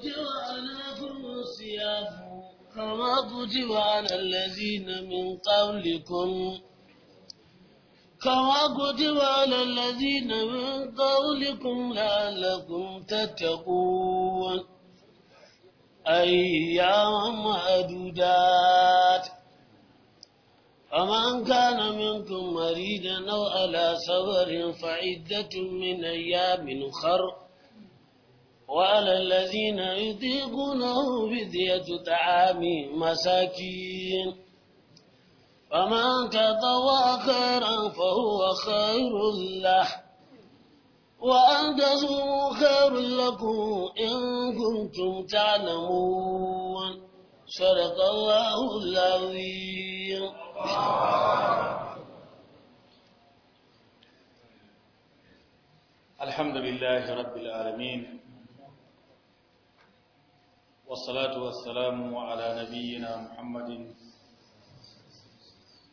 كتب على الصيام كما كتب على الذين من قبلكم كما كتب على الذين من قبلكم لعلكم تتقون أياما معدودات فمن كان منكم مريضا أو على سفر فعدة من أيام خر وعلى الذين يطيقونه بذية طعام مساكين فمن تطوع خيرا فهو خير له وأن تصوموا خير لكم إن كنتم تعلمون صدق الله العظيم الحمد لله رب العالمين والصلاة والسلام على نبينا محمد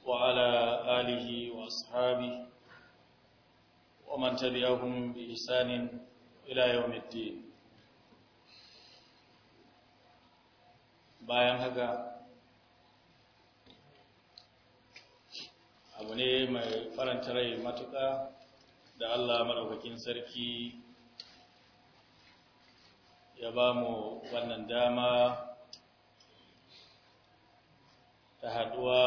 وعلى آله وأصحابه ومن تبعهم بإحسان إلى يوم الدين bayan haka abu ne mai faranta rai matuƙa da Allah maɗaukakin sarki ya ba mu wannan dama ta haduwa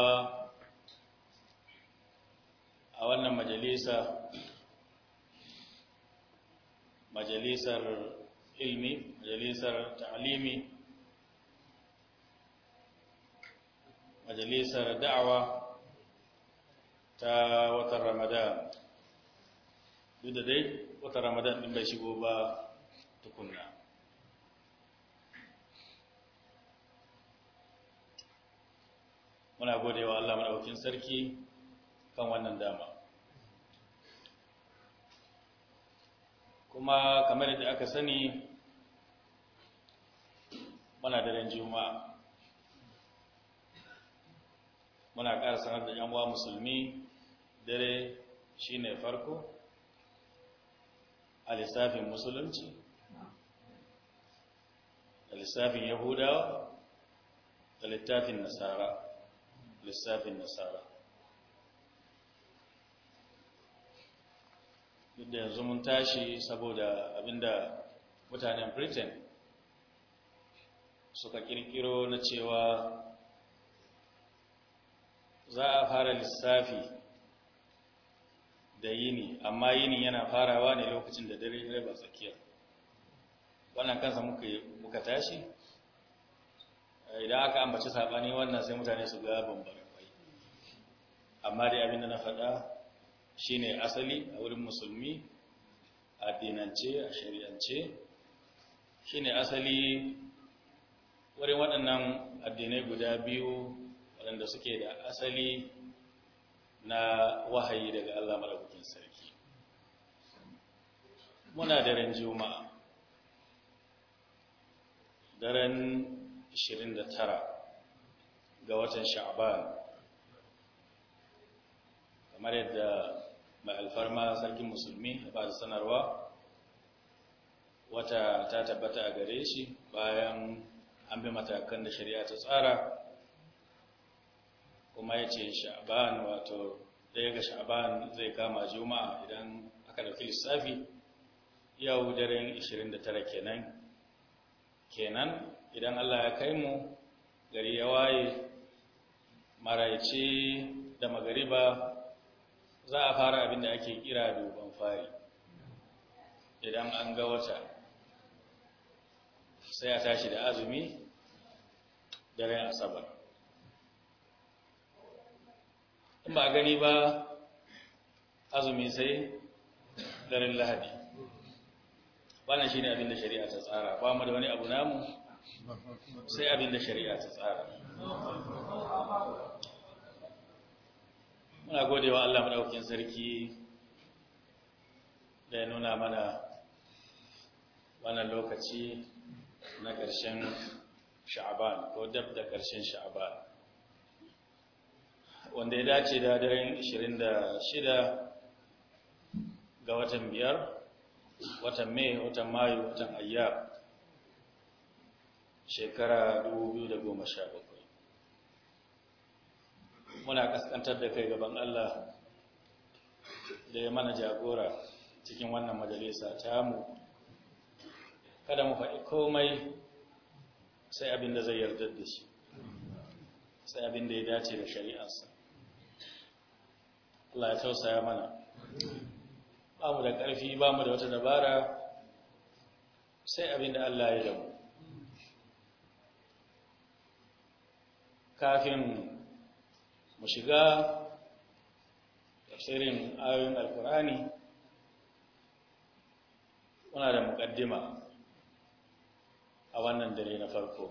a wannan majalisa majalisar ilmi majalisar ta'alimi majalisar da'awa ta watan ramadan duk da dai watan ramadan din bai shigo ba tukunna muna gode wa Allah madaukakin sarki kan wannan dama kuma kamar yadda aka sani muna daren juma'a muna ƙara sanar da yan uwa musulmi dare shine farko a lissafin musulunci a lissafin yahudawa a littafin nasara lissafin nasara duk da yanzu mun tashi saboda abinda mutanen britain suka kirkiro na cewa za a fara lissafi da yini amma yini yana farawa ne lokacin da dare ba tsakiya wannan kansa muka tashi idan aka ambaci sabani wannan sai mutane su ga bambara amma dai abin da na faɗa shine asali a wurin musulmi a dinance a shari'ance shine asali wurin waɗannan addinai guda biyu waɗanda suke da asali na wahayi daga Allah marabukin sarki muna daren juma'a daren 29 ga watan sha'ban kamar yadda mai alfarma sarkin musulmi ba da sanarwa wata ta tabbata a gare shi bayan an bi matakan da shari'a ta tsara kuma ya ce sha'ban wato ɗaya ga sha'ban zai kama juma'a idan aka dauki lissafi yau daren 29 kenan kenan idan Allah ya kai mu gari ya waye maraice da magariba za a fara abin da ake kira duban fari idan an ga wata sai a tashi da azumi daren asabar in ba gani ba azumi sai daren lahadi wannan ne abin da shari'a ta tsara ba mu da wani abu namu sai abin da shari'a ta tsara muna gode wa Allah maɗaukin sarki da ya nuna mana wannan lokaci na ƙarshen sha'aban ko dab da ƙarshen sha'aban wanda ya dace da daren 26 ga watan biyar watan mai watan mayu watan Ayyar. shekara 2017 muna kaskantar da kai gaban Allah da ya mana jagora cikin wannan majalisa ta mu kada mu faɗi komai sai abin da zai yarda da shi sai abin da ya dace da shari'arsa Allah ya tausaya mana ba mu da ƙarfi ba mu da wata dabara sai abin da Allah ya damu kafin mu shiga tafsirin ayoyin alkur'ani muna da mukaddima a wannan dare na farko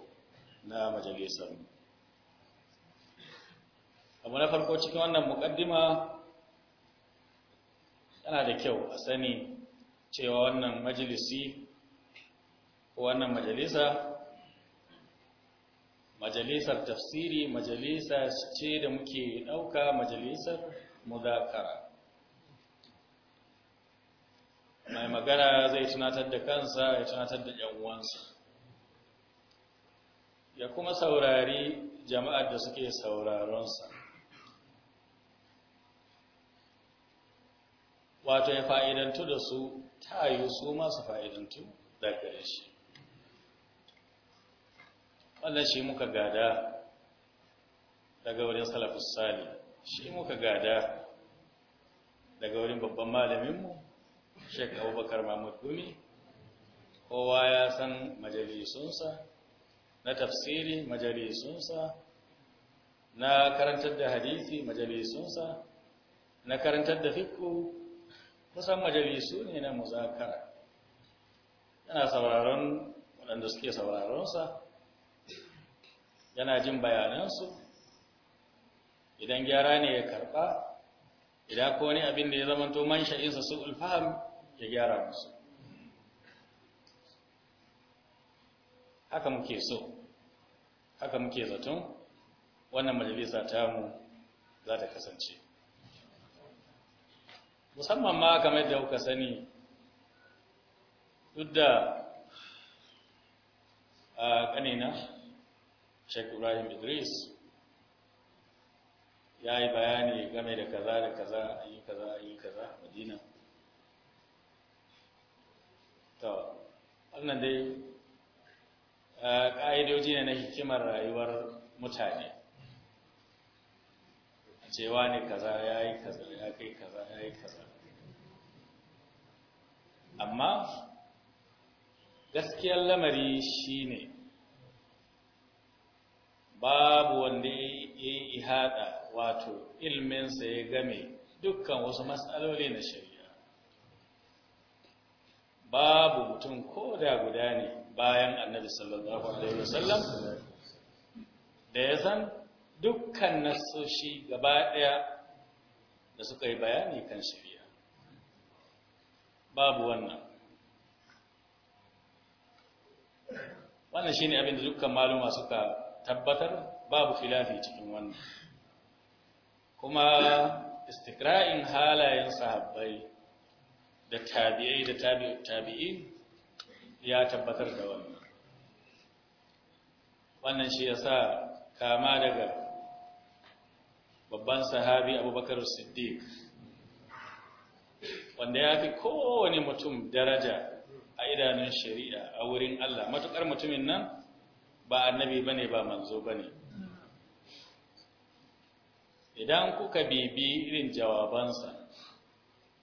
na majalisar abu na farko cikin wannan mukaddima yana da kyau a sani cewa wannan majalisi ko wannan majalisa majalisar tafsiri majalisa ce da muke ɗauka majalisar muzakara mai magana zai tunatar da kansa ya tunatar da uwansa ya kuma saurari jama'ar da suke sauraronsa wato ya fa'idantu da su ta yi su masu fa'idantu da gare shi Allah shi muka gada daga wurin salafus sali shi muka gada daga wurin babban malaminmu Sheikh abubakar mahmud gumi kowa ya san majalisunsa na tafsiri majalisunsa na karantar da hadisi majalisunsa na karantar da fikku kusan majalisu ne na muzakara yana sauraron waɗanda suke sauraronsa yana jin bayanansu idan gyara ne ya karɓa, idan ko ne abin da ya zama to man sha'insa su ulfaham ya gyara musu haka muke so haka muke zaton wannan majalisa mu za ta kasance musamman ma kamar da kuka sani duk da a ƙanina Sheikh Ibrahim Idris ya yi bayani game da kaza da kaza ayi kaza ayi kaza Madina to wannan dai ƙa'idoji ne na hikimar rayuwar mutane cewa ne kaza ya yi kaza ya kai kaza ya yi kaza amma gaskiyar lamari shi ne babu wanda ya yi ihada wato ilminsa ya game dukkan wasu matsaloli na shari'a babu mutum ko da guda ne bayan annabi sallallahu alaihi wasallam da ya san dukkan nasoshi gaba ɗaya da suka yi bayani kan shari'a babu wannan wannan shine abin da dukkan maluma suka tabbatar babu filafi cikin wannan kuma istikra'in halayen sahabbai da tabi'ai da tabi'i ya tabbatar da wannan wannan shi yasa kama daga babban sahabi abubakar siddiq wanda ya fi kowane mutum daraja a idanun shari'a a wurin allah matuƙar mutumin nan ba annabi bane ba manzo bane idan kuka bibi irin jawabansa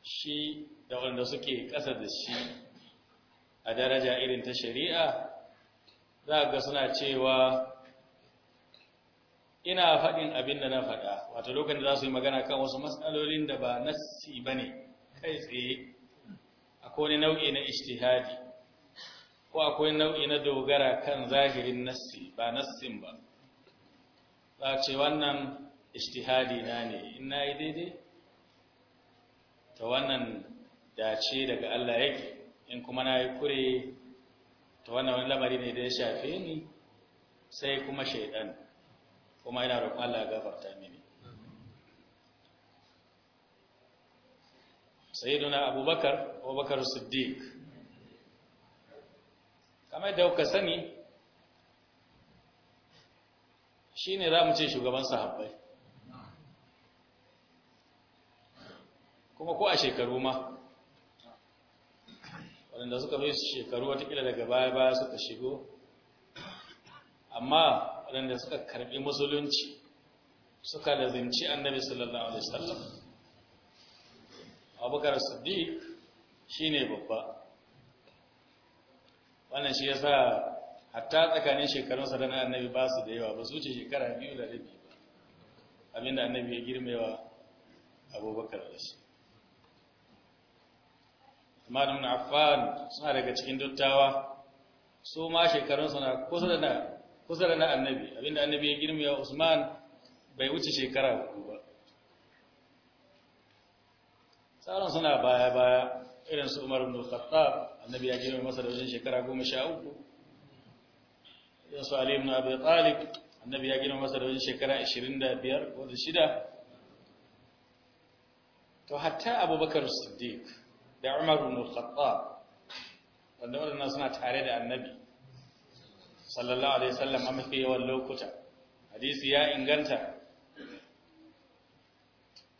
shi da wanda suke ƙasa da shi a daraja irin ta shari'a za ga suna cewa ina faɗin abin da na faɗa wato lokacin da za su yi magana kan wasu matsalolin da ba nassi ba ne kai tsaye a kone nau'i na ishtihadi ko akwai nau'i na dogara kan zahirin nassi ba nassin ba za ce wannan ishtihadi na ne in na yi daidai ta wannan dace daga Allah yake in kuma na yi kure ta wannan wani lamari ne da ya shafe ni sai kuma shaidan kuma yana roƙon Allah ya gafarta mini sayyiduna abubakar abubakar siddiq kamar da kuka sani shine za mu ce shugaban sahabbai kuma ko a shekaru ma waɗanda suka bai shekaru watakila daga baya baya suka shigo amma waɗanda suka karɓi musulunci suka lazimci annabi sallallahu alaihi wasallam abubakar siddiq shine babba wannan shi yasa hatta tsakanin shekarun sa da na annabi ba su da yawa ba su ce shekara biyu da rabi ba abinda annabi ya girmewa abubakar da shi amma da mun affan suna daga cikin dattawa su ma shekarun sa na kusa da na kusa da annabi abinda annabi ya girmewa usman bai wuce shekara ba tsaron suna baya-baya irin su Umar ibn Khattab annabi ya girma masa da wajen shekara goma 13 irin su Ali ibn Abi Talib annabi ya girma masa da wajen shekara da biyar da shida to hatta Abubakar Siddiq da Umar ibn Khattab wanda wannan suna tare da annabi sallallahu alaihi sallam a mafi yawan lokuta hadisi ya inganta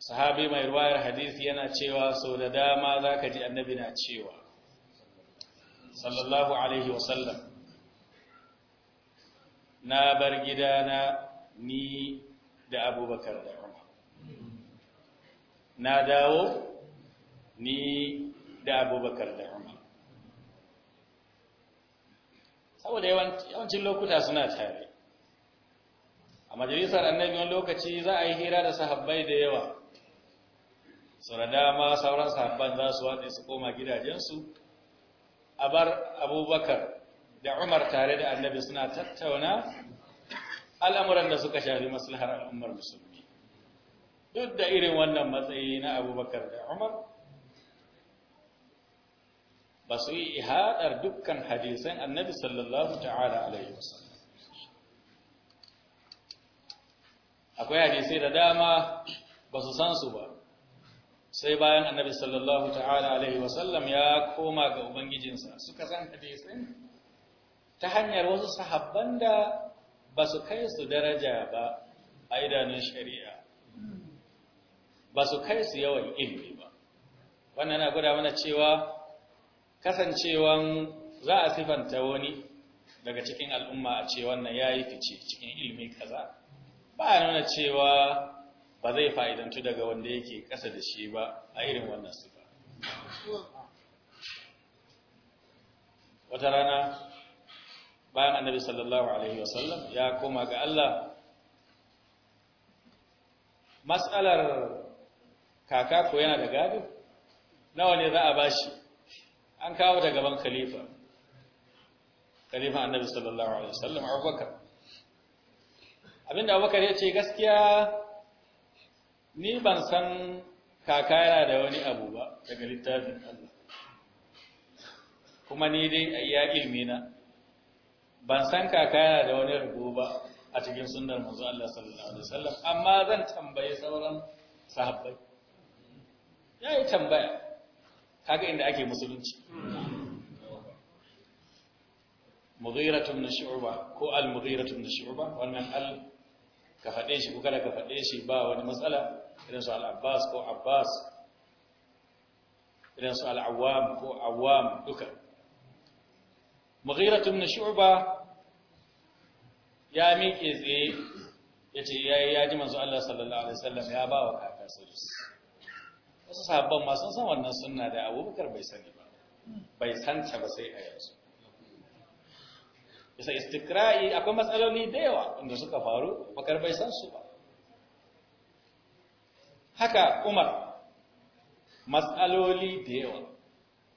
sahabi mai ruwayar hadisi yana cewa sau da dama za ka ji annabi na cewa sallallahu alaihi wasallam na bar gidana ni da abubakar da umar na dawo ni da abubakar da umar saboda yawancin lokuta suna tare a majalisar annabi wani lokaci za a yi hira da sahabbai da yawa da dama sauran sahabban za su watsa su koma gidajensu a bar abubakar da umar tare da annabi suna tattauna al'amuran da suka shafi maslahar al'ummar musulmi duk da irin wannan matsayi na abubakar da umar ba su yi ihadar dukkan hadisan annabi sallallahu ta'ala alaihi wasallam akwai hadisai da dama ba su san su ba sai bayan annabi sallallahu ta'ala alaihi wasallam ya koma ga ubangijinsa suka san hadisin ta hanyar wasu sahabban da ba su kai su daraja ba a idanun shari'a ba su kai su yawan ilmi ba wannan na gwada mana cewa kasancewan za a sifanta wani daga cikin al'umma a ce wannan ya yi fice cikin ilmi kaza ba a nuna cewa ba zai fa'idantu daga wanda yake ƙasa da shi ba a irin wannan sifa wata rana bayan annabi sallallahu alaihi wasallam ya koma ga Allah matsalar kaka ko yana da gado nawa ne za a bashi an kawo da gaban khalifa khalifa annabi sallallahu alaihi wasallam abubakar abinda abubakar ya ce gaskiya ni ban san kaka yana da wani abu ba daga littafin Allah kuma ni dai ya ilmi na ban san kaka yana da wani abu ba a cikin sunnar manzo Allah sallallahu alaihi wasallam amma zan tambaye sauran sahabbai yayi tambaya kaga inda ake musulunci mughiratu min shu'ba ko al mughiratu min shu'ba wannan al ka fade shi ko kada ka fade shi ba wani matsala irin su al-abbas ko abbas irin su al-awwam ko awwam duka mughiratu min shu'ba ya miƙe tsaye ya ce ya ji manzo Allah sallallahu alaihi wasallam ya ba wa kaka sojus wasu sahabban masu sun san wannan sunna da abubakar bai sani ba bai santa ba sai a yanzu bisa istikra'i akwai matsaloli da yawa inda suka faru bakar bai san su ba haka Umar matsaloli da yawa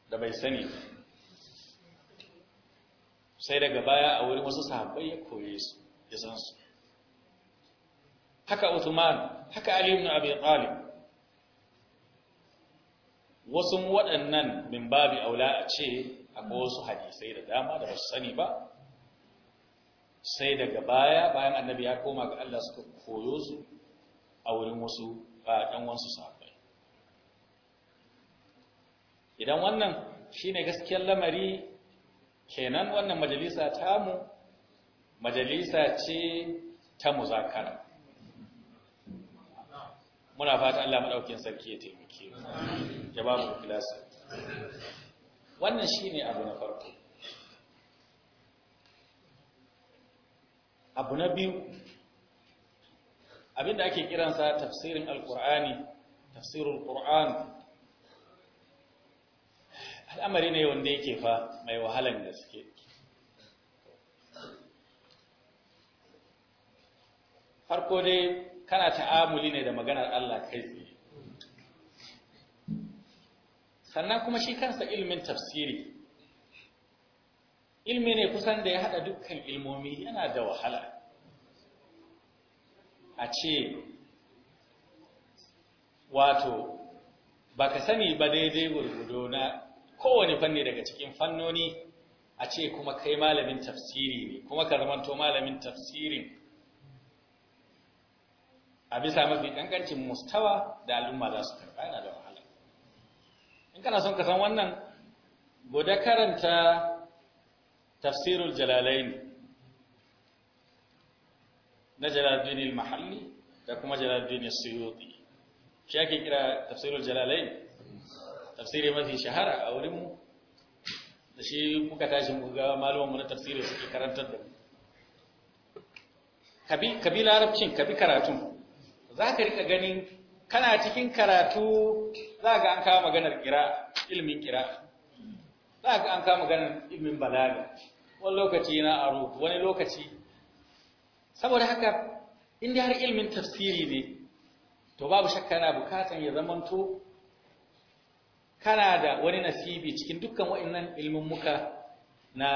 da bai sani sai daga baya a wurin wasu sahabbai ya koye su ya san su haka Uthman haka Ali ibn Abi Talib wasu waɗannan min babi aula a ce akwai wasu hadisai da dama da basu sani ba sai daga baya bayan annabi ya koma ga Allah suka koyo su a wurin wasu ɗan wansu sahabbai idan wannan shi ne gaskiyar lamari kenan wannan majalisa tamu majalisa ce ta muzakara muna fata Allah maɗaukin sarki ya taimake ya ba mu filasa wannan ne abu na farko abu na biyu abinda ake kiransa tafsirin alkur'ani tafsirul qur'an al'amari ne wanda yake fa mai wahalan gaske farko dai kana ta'amuli ne da maganar Allah kai tsaye sannan kuma shi kansa ilmin tafsiri ilmi ne kusan da ya haɗa dukkan ilmomi yana da wahala a ce wato ba ka sani ba daidai gurgudo na kowane fanni daga cikin fannoni a ce kuma kai malamin tafsiri ne kuma ka zamanto malamin tafsirin a bisa mafi kankancin mustawa da al'umma za su karɓa yana da wahala in kana son ka san wannan goda karanta tafsirul jalalaini na Jalaluddin al-Mahalli da kuma Jalaluddin al-Suyuti shi ake kira tafsirul Jalalain tafsiri mafi shahara a wurin mu da shi muka tashi muka ga malaman mu na tafsiri suke karantar da mu kabi kabila arabcin kabi Za ka rika ganin kana cikin karatu za ga an kawo maganar kira ilmin kira za ga an kawo maganar ilmin balaga wani lokaci na aro wani lokaci saboda haka in dai har ilmin tafsiri ne to babu shakka na bukatan ya zamanto kana da wani nasibi cikin dukkan wa'annan ilmin muka na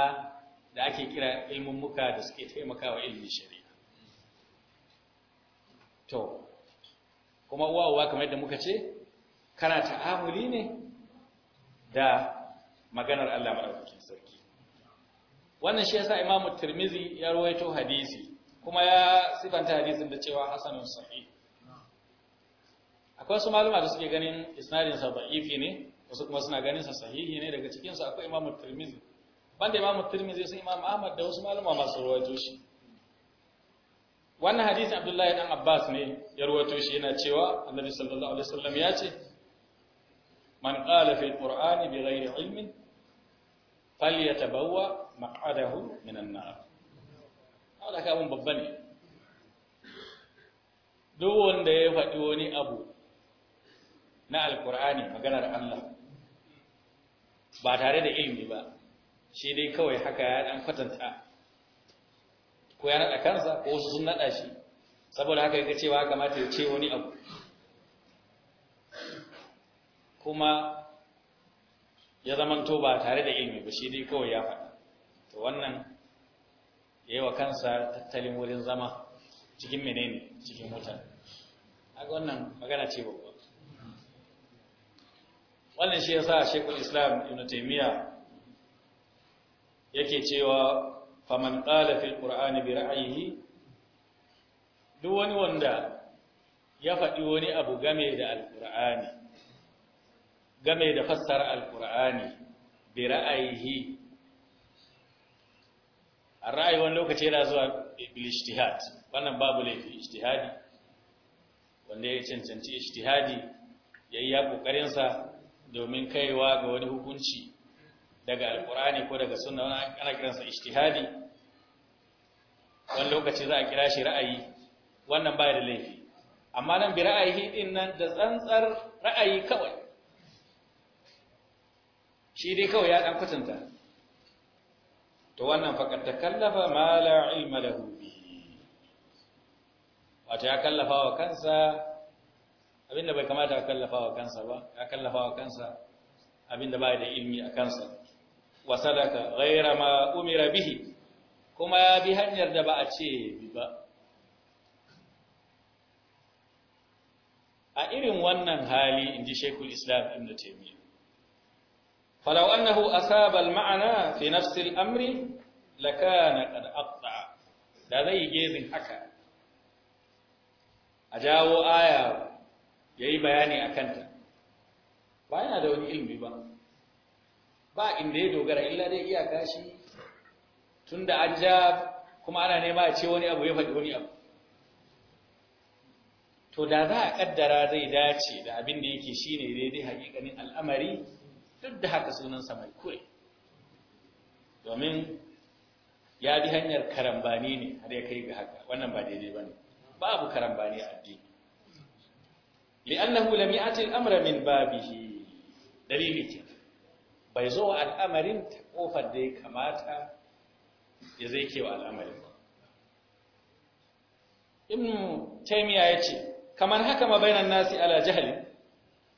da ake kira ilmin muka da suke taimakawa ilmin shari'a to kuma uwa uwa kamar yadda muka ce kana ta'amuli ne da maganar Allah madaukakin sarki wannan shi yasa imamu Tirmizi ya ruwaito hadisi kuma ya sifanta hadisin da cewa hasanun sahi akwai su maluma da suke ganin isnadin sa da'ifi ne wasu kuma suna ganin sa sahihi ne daga cikin su akwai imamu tirmizi banda imamu tirmizi sai imamu ahmad da wasu maluma masu rawaito shi wannan hadisin abdullahi dan abbas ne ya rawaito shi yana cewa annabi sallallahu alaihi wasallam ya ce man qala fi alqur'ani bighairi ilmin falyatabawwa maq'adahu minan nar saboda haka abin babba ne duk wanda ya faɗi wani abu na alkur'ani maganar Allah ba tare da ilimi ba shi dai kawai haka ya ɗan kwatanta ko ya naɗa kansa ko wasu sun naɗa shi saboda haka ya cewa kamata ya ce wani abu kuma ya zamanto ba tare da ilimi ba shi dai kawai ya faɗa to wannan ya yi wa kansa tattalin wurin zama cikin menene cikin mutane a wannan magana ce babba wannan shi ya sa shekul islam ibn taimiyya yake cewa faman ƙala fil ƙura'ani bi ra'ayihi duk wani wanda ya faɗi wani abu game da alƙura'ani game da fassara alƙura'ani bi ra'ayihi ra'ayi wani lokaci yana zuwa bil ijtihad wannan babu laifi ijtihadi wanda ya cancanci ijtihadi yayi ya kokarin sa domin kaiwa ga wani hukunci daga alqur'ani ko daga sunna ana kiransa ijtihadi wani lokaci za a kira shi ra'ayi wannan ba da laifi amma nan bi ra'ayi din nan da tsantsar ra'ayi kawai shi dai kawai ya dan kwatanta to wannan faƙar ta kallafa, la ilma lahu bihi wato ya kallafa wa kansa abinda bai kamata ya kallafa wa kansa ba ya kallafa wa kansa abinda ba da ilmi a kansa wa sadaka raira ma umira bihi kuma ya bi hanyar da ba a ce bi ba a irin wannan hali inji Sheikhul Islam Ibn Taymiyyah فلو أنه أصاب المعنى ma'ana نفس amri لكان قد أقطع da zai yi gezin haka a jawo aya ya yi bayani a kanta ba yana da wani ilmi ba ba inda ya dogara illa dai iyaka shi tun da kuma ana nema a ce wani abu ya faɗi wani abu to da za a ƙaddara zai dace da abin da yake shi ne daidai haƙiƙanin al'amari duk da haka sunansa mai kure domin ya bi hanyar karambani ne har ya kai ga haka wannan ba daidai ba ne babu karambani a addini li'annahu lam ya'ti al-amra min babihi dalili ce bai zo al'amarin ta kofar da ya kamata ya zai kewa al'amarin ba ibn taymiya yace kamar haka ma bainan nasi ala jahli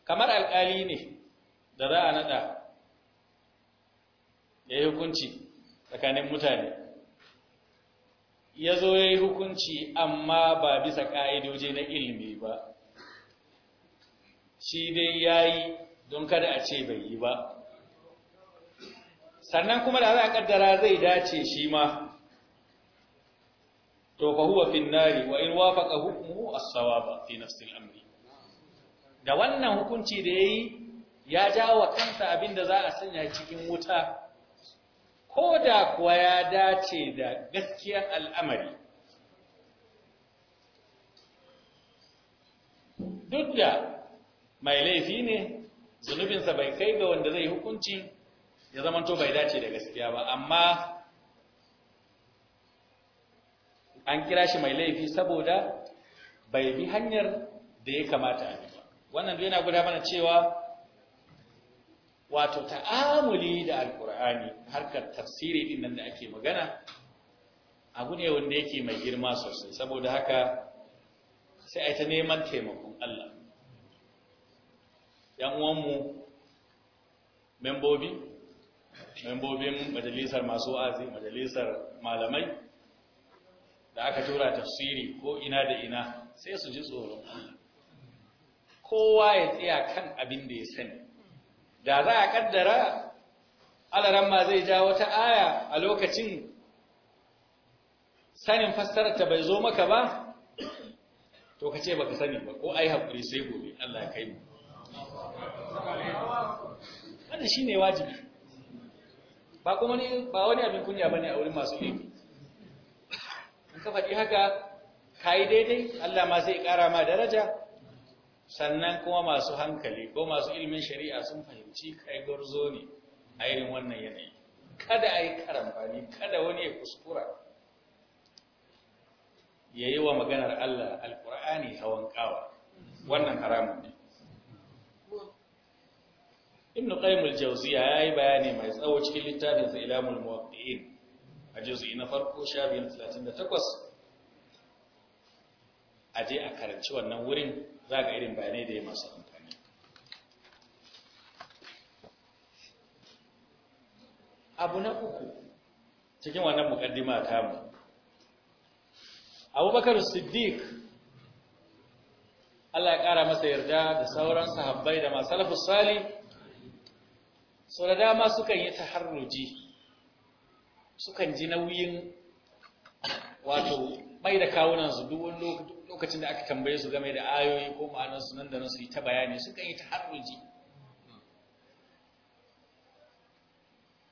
kamar alƙali ne da za a nada ya yi hukunci tsakanin mutane ya zo ya yi hukunci amma ba bisa ƙa'idoji na ilimi ba shi dai ya yi don kada a ce bai yi ba sannan kuma da za a ƙaddara zai dace shi ma to fa huwa fi nari wa in wafaqa hukmuhu as-sawaba fi nafsi amri da wannan hukunci da yayi ya jawo wa kansa abin da za a sanya cikin wuta ko da kuwa ya dace da gaskiyar al'amari duk da mai laifi ne zunubinsa bai kai ga wanda zai hukunci ya zamanto bai dace da gaskiya ba amma an kira shi mai laifi saboda bai bi hanyar da ya kamata a bi ba wannan yana guda mana cewa wato ta'amuli da alkur'ani harkar tafsiri din nan da ake magana abu ne wanda yake mai girma sosai saboda haka sai a ta neman taimakon Allah yan uwanmu membobi membobin majalisar masu wa'azi majalisar malamai da aka tura tafsiri ko ina da ina sai su ji tsoron kowa ya tsaya kan abin da ya sani da za a kaddara alaran ma zai ja wata aya a lokacin sanin fassararta ta bai zo maka ba to ka ce baka sani ba ko ai hakuri sai gobe Allah ya kai mu wannan shine wajibi ba kuma ne ba wani abin kunya bane a wurin masu ilimi in ka faɗi haka kai daidai Allah ma zai ƙara ma daraja sannan kuma masu hankali ko masu ilmin shari'a sun fahimci kai gwarzo ne a irin wannan yanayi kada a yi karambani kada wani ya kuskura ya yi wa maganar Allah alkur'ani hawan kawa wannan haramun ne ibn qayyim al ya yi bayani mai tsawo cikin littafin sa ilamul muwaqqi'in a juz'i na farko shafin 38 aje a karanci wannan wurin za ga irin bayanai da ya masu amfani abu na uku cikin wannan mukaddima ta mu abubakar siddiq Allah ya ƙara masa yarda da sauran sahabbai da masu salafus sali sau da dama sukan yi taharruji sukan ji nauyin wato mai da kawunan su duk wani lokacin da aka tambaye su game da ayoyi ko ma'anarsu nan da nan su yi ta bayani suka yi ta harruji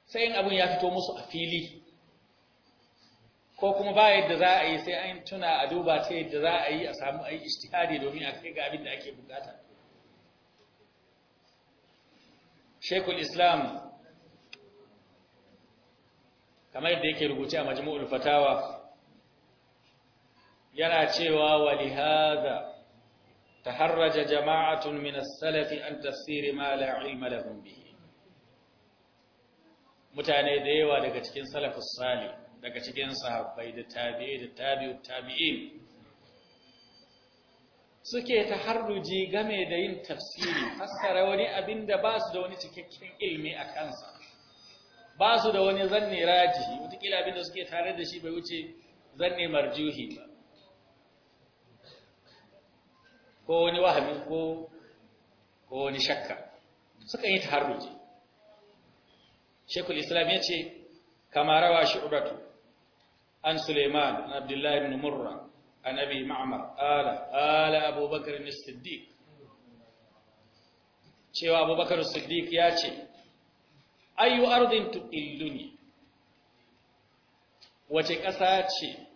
sai in abin ya fito musu a fili ko kuma ba yadda za a yi sai an tuna a duba ta yadda za a yi a samu a yi ishtihadi domin a kai ga abin da ake bukata shekul islam kamar yadda yake rubuce a majmu'ul fatawa yana cewa walihada taharraja jama'atun min as-salafi an tafsiri ma la ilma lahum bihi mutane da yawa daga cikin salafus sali daga cikin sahabbai da tabi'i da tabi'ut tabi'in suke taharruji game da yin tafsiri fassara wani abin da ba su da wani cikakken ilmi a kansa ba su da wani zanne rajihi wata abin da suke tare da shi bai wuce zanne marjuhi ba ko wani wahami ko ko wani shakka suka yi taharruji shekul islam ya ce kama rawa shu'batu an suleiman an abdullahi ibn murra an abi ma'mar ala ala abubakar as-siddiq cewa abubakar as-siddiq ya ce ayu ardin tuqilluni wace ƙasa ce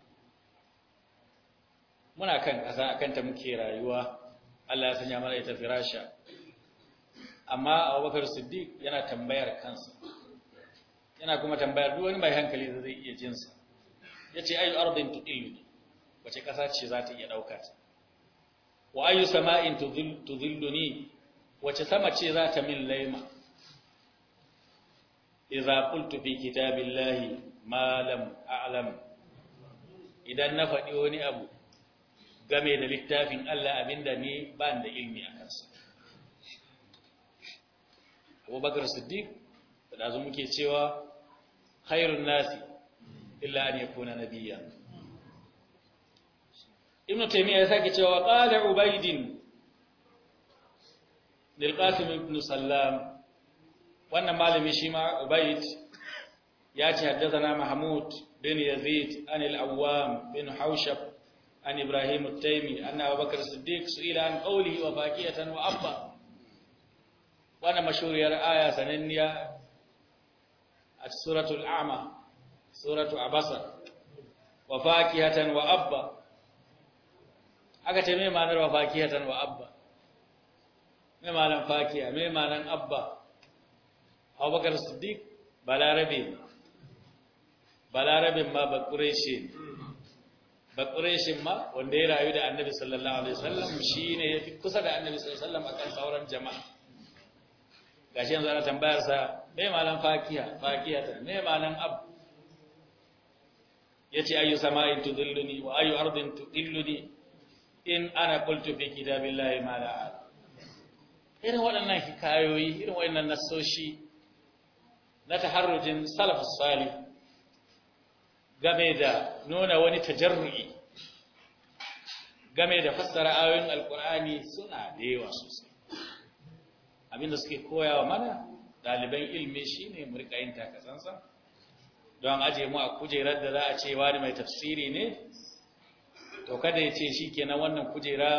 muna kan ƙasa a kanta muke rayuwa Allah ya sanya mana ita firasha amma Abubakar Siddiq yana tambayar kansa yana kuma tambayar duk wani mai hankali da zai iya jin sa yace ayu ardin tudillu wace kasa ce za ta iya dauka ta wa ayu sama'in tudilluni wace sama ce za ta min laima idza qultu fi kitabillahi ma lam a'lam idan na faɗi wani abu game da littafin Allah abinda ni ba da ilmi a kansa Abu Bakar Siddiq da zo muke cewa khairun nasi illa an yakuna nabiyya Ibn Taymiyyah ya sake cewa qala Ubaidin lil Qasim ibn Sallam wannan malami shi ma Ubayd ya ce haddathana Mahmud bin Yazid an al-Awwam bin Haushab عن إبراهيم التيمي أن أبا بكر الصديق سئل عن قوله وفاكية وأبا وأنا مشهور يا رآية سننيا السورة الأعمى سورة عبصة وفاكية وأبا أكتب ميما نروا فاكية وأبا ميما نروا فاكية ميما نروا أبا malan بكر الصديق بلا ربي بلا ربي ما بكريشين bakureshin ma wanda ya rayu da annabi sallallahu alaihi wasallam shine fi kusa da annabi sallallahu alaihi wasallam akan sauran jama'a gashi yanzu ana tambayar sa me malan fakiya fakiya ta me malan ab yace ayu sama'i tudilluni wa ayu ardin tudilluni in ana qultu fi kitabillahi ma la irin waɗannan hikayoyi irin waɗannan nasoshi na taharrujin salafus salih game da nuna wani tajarru'i game da fassara ayoyin alkur'ani suna da yawa sosai abinda suke koyawa mana ɗaliban ilmi shine mu rika yin don aje mu a kujerar da za a ce wani mai tafsiri ne to kada ya ce shi kenan wannan kujera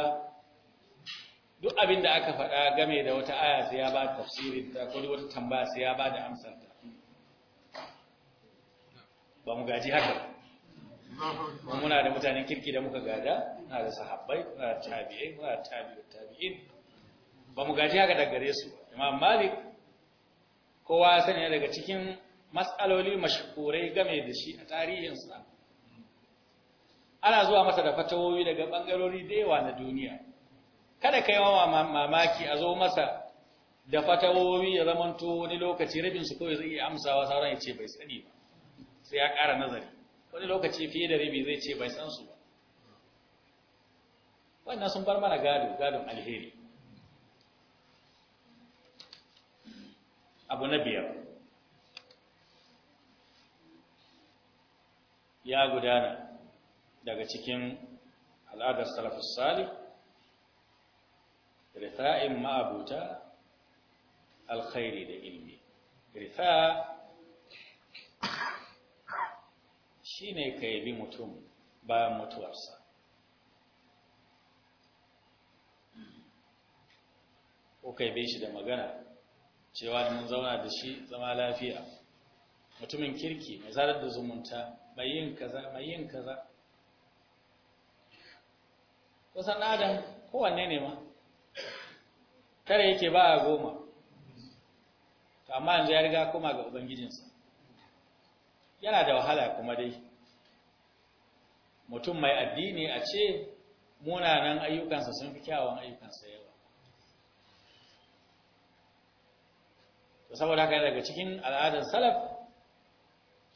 duk abin da aka faɗa game da wata aya sai ya ba tafsirin ta ko wata tambaya sai ya ba da amsar ba mu gaji haka ba muna da mutanen kirki da muka gada muna da sahabbai muna da tabi'ai muna da tabi'u tabi'in ba mu gaji haka daga gare su imam malik kowa sani daga cikin mas'aloli mashkurai game da shi a tarihinsa ana zuwa masa da fatawoyi daga bangarori da yawa na duniya kada ka wa mamaki a zo masa da fatawoyi ya zamanto wani lokaci rabin su kawai zai iya amsawa sauran ya ce bai sani ba sai ya ƙara nazari wani lokaci fiye da rabi zai ce bai san su ba wannan sun bar mana gado gadon alheri abu na biyar ya gudana daga cikin al'adar salafus salih ritha'in ma'abuta alkhairi da ilmi ritha' Shi ne ka yabi mutum bayan mutuwarsa ko ka bi shi da magana cewa mun zauna da shi zama lafiya mutumin kirki mai zarar da zumunta mai yin kaza mai yin kaza kusan adam kowanne ne ma tare yake ba a goma amma yanzu ya riga koma ga ubangijinsa yana da wahala kuma dai mutum mai addini a ce munanan ayyukansa sun fi kyawun ayyukansa yawa saboda haka daga cikin al'adar salaf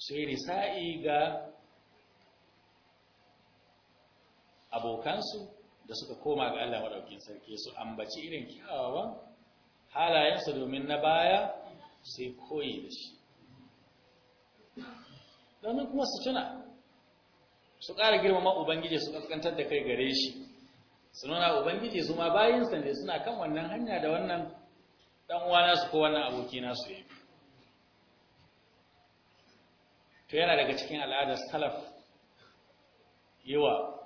su yi risa'i ga abokansu da suka koma ga Allah maɗaukin sarki su ambaci irin kyawawan halayensu domin na baya sai koyi da shi domin kuma su tuna su ƙara girmama ubangiji su ƙasƙantar da kai gare shi su nuna ubangiji su ma bayinsa ne suna kan wannan hanya da wannan ɗan uwa nasu ko wannan aboki nasu ya to yana daga cikin al'adar salaf yawa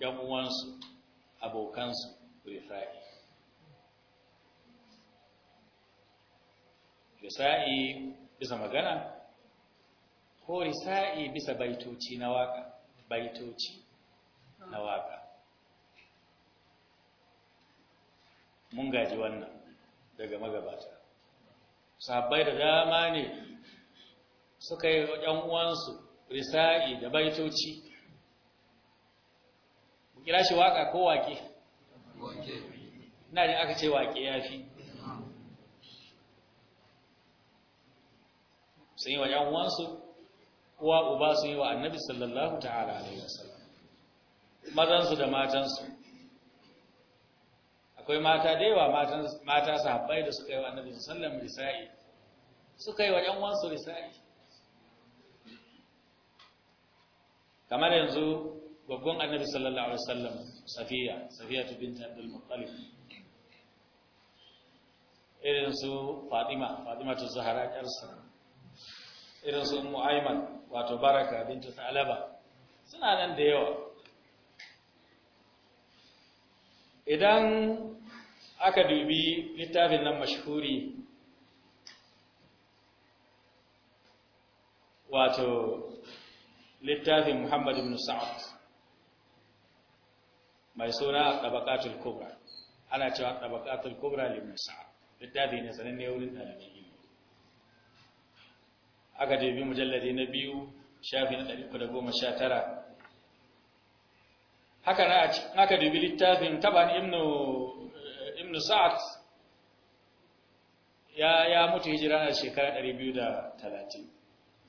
‘yan uwansu abokansu rifa'i risa'i bisa magana ko risa'i bisa baitoci na waka baitoci na waka mun gaji wannan daga magabata sahabbai da dama ne suka yi ɗan uwansu risa'i da baitoci kira shi waka ko wake ina ne aka ce wake fi. sun yi wa ɗan uwansu uwa uba su yi wa annabi sallallahu ta'ala alaihi wasallam mazansu da matansu akwai mata da yawa mata sahabbai da suka yi wa annabi sallam risa'i suka yi wa ɗan wansu risa'i kamar yanzu gwaggon annabi sallallahu alaihi wasallam safiya safiya Binta abdul muttalib irin su fatima fatima ta zahara ƙarsa irin su ummu aiman wato baraka bintu salaba suna nan da yawa idan aka dubi littafin nan mashhuri wato littafin Muhammad ibn Sa'ad mai suna Tabaqatul Kubra ana cewa Tabaqatul Kubra li Ibn Sa'ad littafi ne sananne wurin dalibi aka dubi mujallade na biyu shafi na goma sha tara, haka na aka dubi littafin taban ibnu ibnu sa'ad ya ya mutu hijira na shekara 230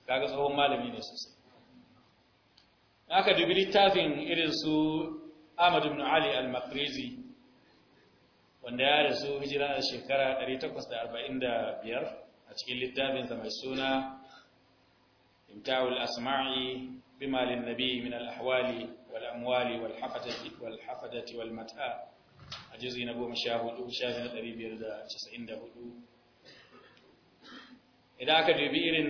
kaga tsohon malami ne sosai aka dubi littafin irin su Ahmad ibn Ali al-Makrizi wanda ya rasu hijira na shekara 845 a cikin littafinsa mai suna امتاع الأسماع بما للنبي من الأحوال والأموال والحفدة والحفدة والمتاع أجزي نبو مشاهد شاهد الأبيب يرد تسعين دهدو إذا أكد بئر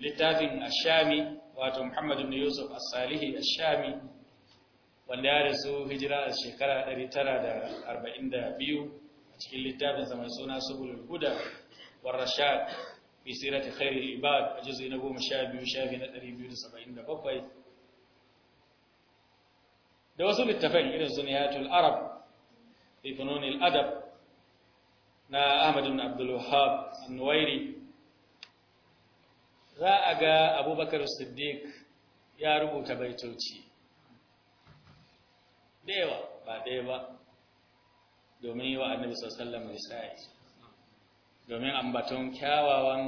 للتاف الشامي واتو محمد بن يوسف الصالحي الشامي wanda ya rasu hijira a shekara 942 a cikin littafinsa mai suna subulul huda war rashad fi sirati khairil ibad a juz'i na 12 shafi na 277 da wasu littafan irin su nihayatul arab fi fununil adab na Ahmad ibn Abdul Wahhab An-Nuwairi za a ga Abubakar Siddiq ya rubuta baitoci da ba ɗaya ba domin yi wa annabi sallallahu alaihi wasallam domin ambaton kyawawan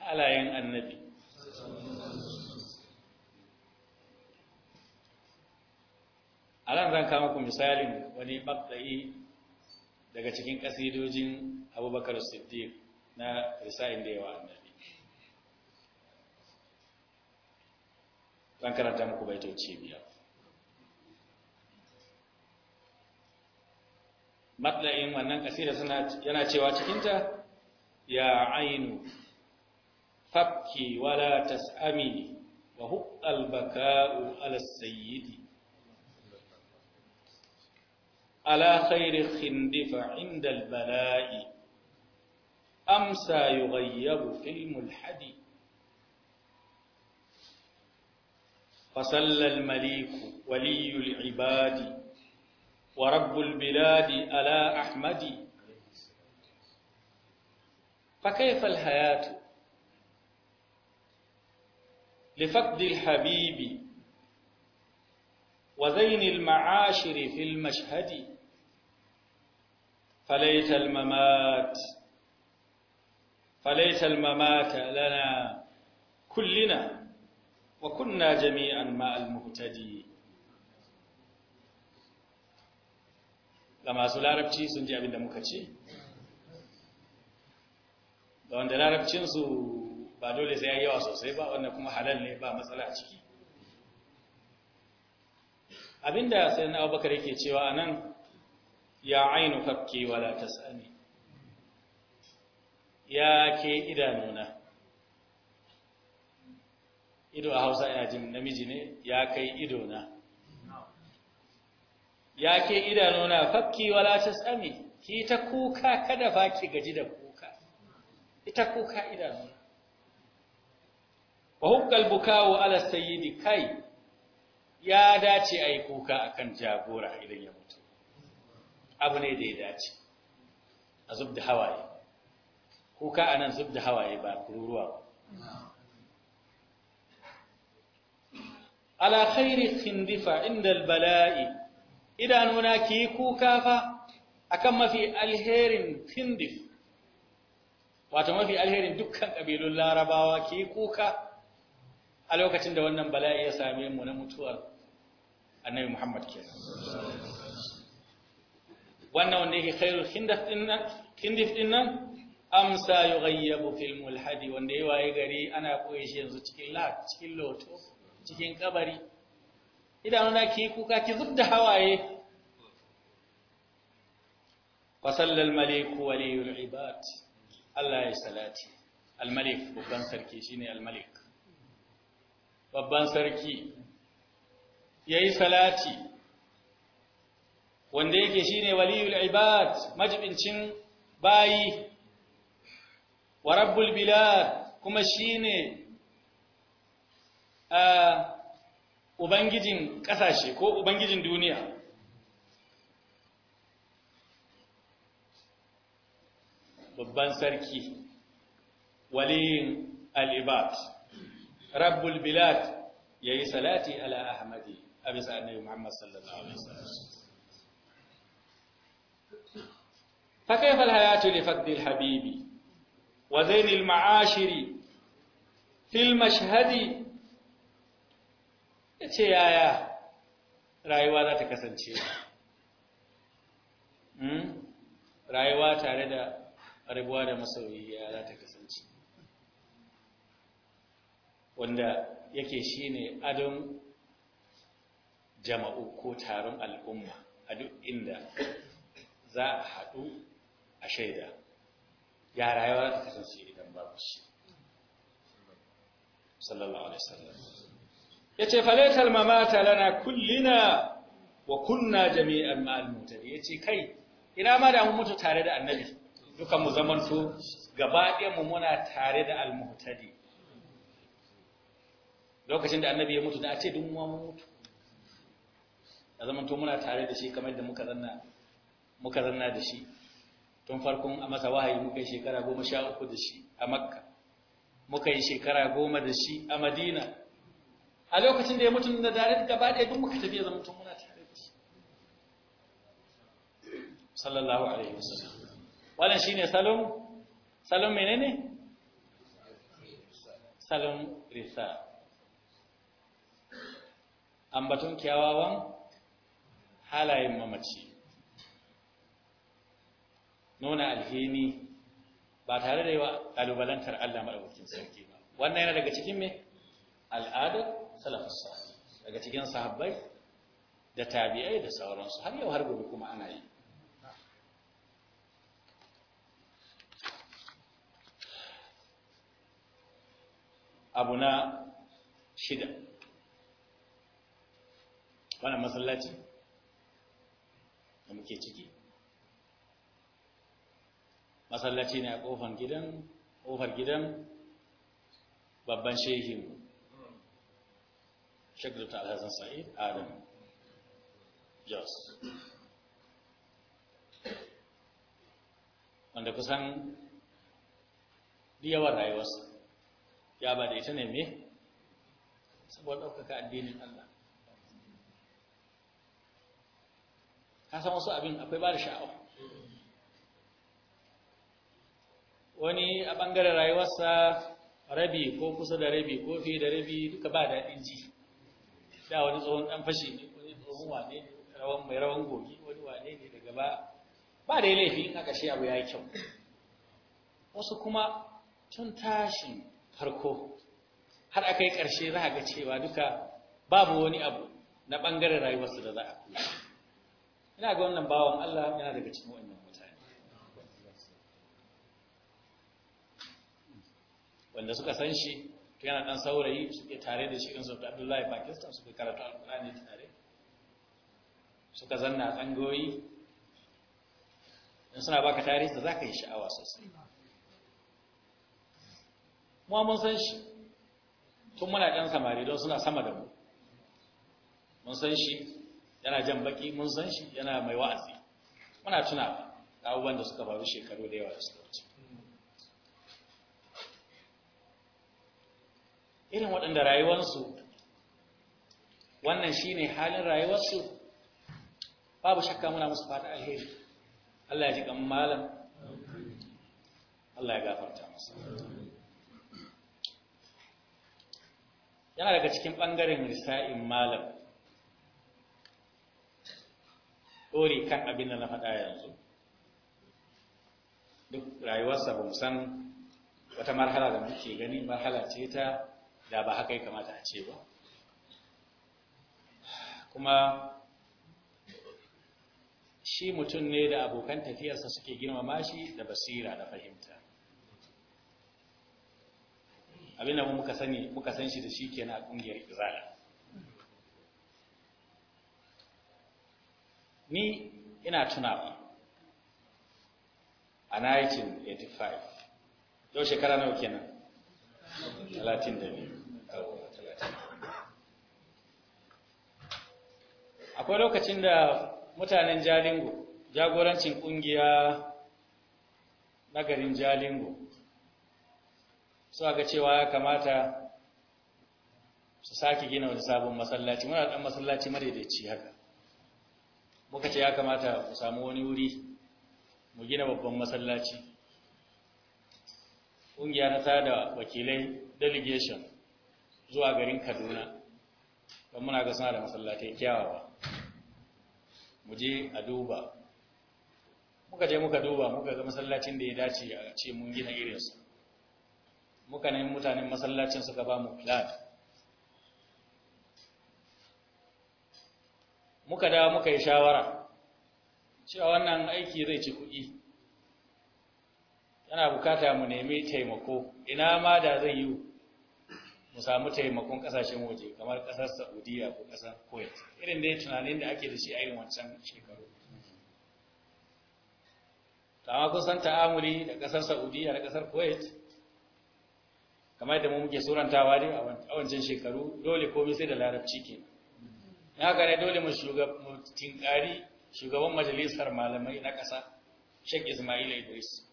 halayen annabi a zan kama ku misalin wani matsayi daga cikin ƙasidojin abubakar siddiq na risa'in da yawa annabi zan karanta muku baitoci biyar matlayin wannan kasida yana cewa cikinta ya ainu fabki wala tas'ami wa huqqal baka'u ala sayyidi ala khairi khindifa inda albala'i amsa yughayyabu fil mulhadi فصلى المليك waliyul ibadi ورب البلاد ألا أحمدي فكيف الحياة لفقد الحبيب وزين المعاشر في المشهد فليت الممات فليت الممات لنا كلنا وكنا جميعا مع المهتدي ga masu larabci sun ji abin da muka ce Da wanda larabcinsu ba dole sai ya yi yawa sosai ba wanda kuma halal ne ba matsala a ciki abinda sai na abubakar yake cewa a nan ya ainu fakki wala ta sani ya ke idanuna ido a hausa yajin namiji ne ya kai idona ya ke idanuna fakki wala tasami ki ta kuka kada ba ki gaji da kuka ita kuka idanuna wa hukkal bukawu ala sayyidi kai ya dace ai kuka akan jagora idan ya mutu abu ne da ya dace a zub da hawaye kuka anan zub da hawaye ba kururuwa ala khairi khindifa inda albala'i idanuna ki yi kuka fa akan mafi alherin findif wato mafi alherin dukkan ƙabilun larabawa ki yi kuka a lokacin da wannan bala'i ya same mu na mutuwar annabi Muhammad ke. wannan wanda yake khairul hindif din nan amsa yughayyabu fil mulhadi wanda yi waye gari ana koye shi yanzu cikin lat cikin loto cikin kabari idanuna ki yi kuka ki zub da hawaye fasallal maliku waliyul ibad Allah ya salati al malik babban sarki shine al malik babban sarki yayi salati wanda yake shine waliyul ibad majibincin bayi wa rabbul bilad kuma shine a ah, ubangijin kasashe ko ubangijin duniya babban sarki waliyin al'ibat rabbul bilad ya yi salati ala ahmadi a bisa annabi muhammad sallallahu alaihi wasallam fa hayatu فكيف الحياة لفقد الحبيب وذيل ma'ashiri fil mashhadi ya ce yaya rayuwa za ta kasance hmm? rayuwa tare da rabuwa da masauyi ya za ta kasance wanda yake ne adon jama'u ko taron al'umma a duk inda za a haɗu a shaida ya rayuwa za ta kasance idan babu shi sallallahu alaihi wasallam Ya yace falaital mamata lana kullina wa kunna jami'an ma'al Ya ce kai ina ma da mu mutu tare da annabi dukan mu zamanto gaba muna tare da al lokacin da annabi ya mutu da a ce dun mu mutu a zamanto muna tare da shi kamar da muka zanna muka zanna da shi tun farkon a masa wahayi muka yi shekara goma sha uku da shi a makka muka yi shekara goma da shi a madina a lokacin da ya mutu da dare gaba ɗaya duk muka tafi ya zama muna tare da shi sallallahu alaihi wasallam wannan shine salon salon menene salon risa ambaton kyawawan halayen mamaci nuna alheni ba tare da yawa ƙalubalantar Allah maɗaukakin sarki ba wannan yana daga cikin me al'adar salafus salih daga cikin sahabbai da tabi'ai da sauransu har yau har gobe kuma ana yi abu na shida wannan masallaci da muke ciki masallaci ne a kofar gidan babban shehin Sheikh Dr. Alhassan Sa'id Adam Jos wanda kusan yawan rayuwarsa ya ba da ita ne me saboda ɗaukaka addinin Allah ka san wasu abin akwai ba da sha'awa wani a ɓangaren rayuwarsa rabi ko kusa da rabi ko fiye da rabi duka ba daɗin ji da wani tsohon ɗan fashi ne wani tsohon wane ne mai rawan goge wani wane ne daga ba ba da laifi in aka shi abu ya yi kyau wasu kuma tun tashin farko har aka yi ƙarshe za ga cewa duka babu wani abu na ɓangaren rayuwarsu da za a kula ina ga wannan bawan Allah yana daga cikin wannan mutane wanda suka san shi yana dan saurayi suke tare da shi in Abdullahi Pakistan suke karatu Alkur'ani tare suka zanna tsangoyi in suna baka tarihi da zaka yi sha'awa sosai mu mun san shi tun muna ɗan samari don suna sama da mu mun san shi yana jan baki mun san shi yana mai wa'azi muna da abubuwan da suka faru shekaru da yawa da suka wuce irin waɗanda rayuwarsu wannan shine halin rayuwarsu babu shakka muna musu fata alheri Allah ya ji kan malam Allah ya gafarta masu yana daga cikin ɓangaren risa'in malam ɗori kan abin da na faɗa yanzu duk rayuwarsa ba san wata marhala da muke gani marhala ce ta da ba haka ya kamata a ce ba kuma shi mutum ne da abokan tafiyarsa suke girmama shi da basira da fahimta abin da muka sani muka san shi da shi ke a kungiyar izala ni ina tunawa a 1985 yau shekara nawa kenan 32 akwai lokacin da mutanen jalingo jagorancin kungiya na garin jalingo suka ga cewa ya kamata su sake gina wani sabon masallaci muna dan masallaci madaidaici haka muka ce ya kamata mu samu wani wuri mu gina babban masallaci ƙungiya na da wakilai delegation zuwa garin kaduna don muna ga suna da masallatai kyawawa mu je a duba muka je muka duba muka ga masallacin da ya dace a ce mun gina irinsa muka nemi mutanen masallacin suka ba mu plan muka dawo muka yi shawara cewa wannan aiki zai ci kuɗi yana bukata mu nemi taimako ina ma da zai yiwu. mu samu taimakon kasashen waje kamar kasar saudiya ko kasar kuwait irin dai tunanin da ake da shi a yin wancan shekaru Ta kama kusan ta'amuri da kasar saudiya da kasar kuwait kamar yadda mu muke surantawa dai a wancan shekaru dole komai sai da larabci ke haka ne dole mu tinkari shugaban majalisar malamai na ƙasa sheikh ismail idris